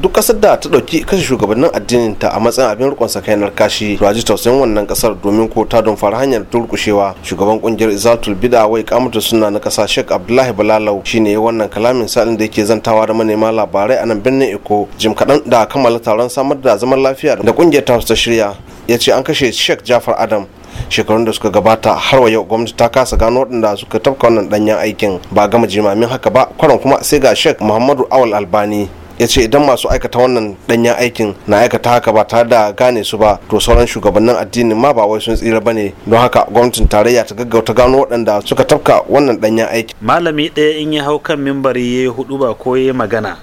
duk kasar da ta dauki kashe shugabannin addinin ta a matsayin abin rikon sakainar kashi raji tausayin wannan kasar domin ko ta don fara hanyar turkushewa shugaban kungiyar izatul bida wai kamata suna na kasa sheikh abdullahi balalau shine wannan kalamin salin da yake zantawa da manema labarai a nan birnin eko jim kaɗan da kammala taron samar da zaman lafiya da kungiyar ta ta shirya ya ce an kashe sheikh jafar adam shekarun da suka gabata har wa yau gwamnati ta kasa gano waɗanda suka tafka wannan danyen aikin ba gama jimamin haka ba kwaron kuma sai ga sheikh muhammadu awal albani ya ce idan masu aikata wannan danyen aikin na aikata haka ba tare da gane su ba to sauran shugabannin addinin ma ba wai sun tsira ba ne don haka gwamnatin tarayya ta gaggauta gano waɗanda suka tafka wannan danyen aikin. malami ɗaya in ya hau kan mimbari ya yi hudu ba ko ya yi magana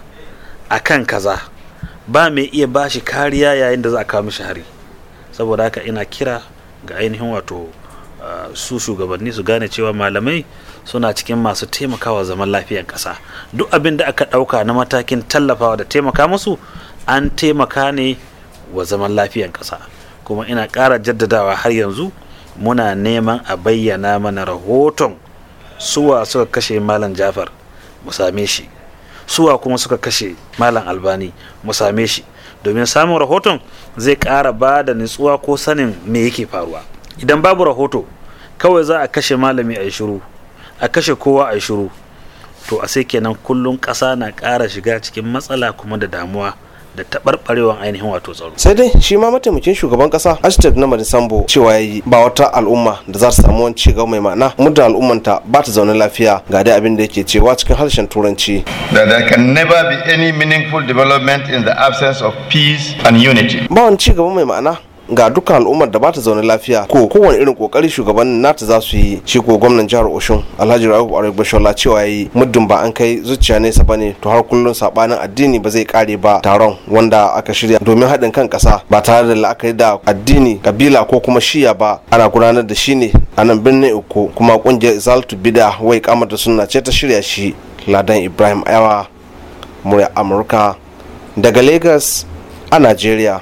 a kan kaza ba mai iya ba shi kariya yayin da za a kawo mishi hari saboda haka ina kira ga ainihin wato su shugabanni su gane cewa malamai suna cikin masu taimakawa zaman lafiyar ƙasa duk abin da aka ɗauka na matakin tallafawa da taimaka musu an taimaka ne wa zaman lafiyar ƙasa kuma ina ƙara jaddadawa har yanzu muna neman a bayyana mana rahoton suwa suka kashe malam jafar mu same shi suwa kuma suka kashe malam albani mu same shi domin samun rahoton zai ƙara ba da nutsuwa ko sanin me yake faruwa idan babu rahoto kawai za a kashe malami a shiru a kashe kowa a shiru to a sai kenan kullum ƙasa na ƙara shiga cikin matsala kuma da damuwa da taɓarɓarewar ainihin wato tsaro. sai dai shi ma mataimakin shugaban ƙasa hashtag na marisambo cewa ya yi ba wata al'umma da za ta samu wani ci mai ma'ana muddin al'ummanta ba ta zaune lafiya ga dai abin da yake cewa cikin harshen turanci. that there can never be any meaningful development in the absence of peace and unity. ba wani ci gaba mai ma'ana ga dukkan al'ummar da ba ta zaune lafiya ko kowane irin kokari shugaban nata za su yi shi ko gwamnan jihar Oshun Alhaji Rauf Aregbashola cewa yayi muddin ba an kai zuciya nesa bane to har kullun sabanin addini ba zai kare ba taron wanda aka shirya domin haɗin kan ƙasa ba tare da la'akari da addini kabila ko kuma shiya ba ana gudanar da shi ne a nan birnin Eko kuma kungiyar Zaltu Bida wai kamar da sunna ce ta shirya shi Ladan Ibrahim Ayawa murya Amurka daga Lagos a Najeriya